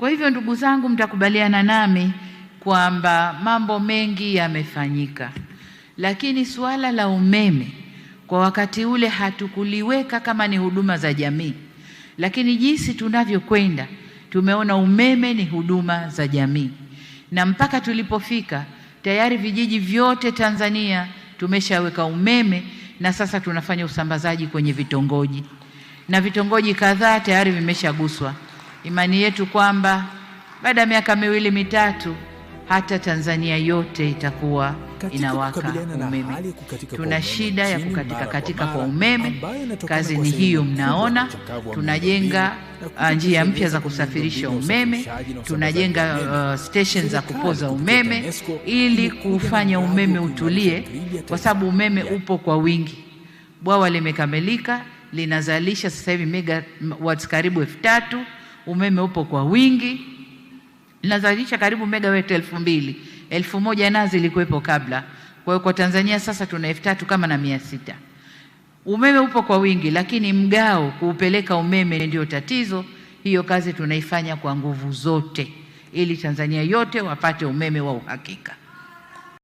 Kwa hivyo ndugu zangu, mtakubaliana nami kwamba mambo mengi yamefanyika, lakini suala la umeme kwa wakati ule hatukuliweka kama ni huduma za jamii, lakini jinsi tunavyokwenda tumeona umeme ni huduma za jamii, na mpaka tulipofika tayari vijiji vyote Tanzania tumeshaweka umeme, na sasa tunafanya usambazaji kwenye vitongoji na vitongoji kadhaa tayari vimeshaguswa. Imani yetu kwamba baada ya miaka miwili mitatu hata Tanzania yote itakuwa inawaka umeme. Tuna shida ya kukatika katika kwa umeme, kazi ni hiyo mnaona. Tunajenga uh, njia mpya za kusafirisha umeme, tunajenga uh, station za kupoza umeme ili kufanya umeme utulie, kwa sababu umeme upo kwa wingi. Bwawa limekamilika linazalisha sasa hivi megawatts karibu elfu tatu umeme upo kwa wingi, nazalisha karibu megawati elfu mbili elfu moja na zilikuwepo kabla. Kwa hiyo kwa Tanzania sasa tuna elfu tatu kama na mia sita. Umeme upo kwa wingi, lakini mgao kuupeleka umeme ndio tatizo. Hiyo kazi tunaifanya kwa nguvu zote, ili Tanzania yote wapate umeme wa uhakika.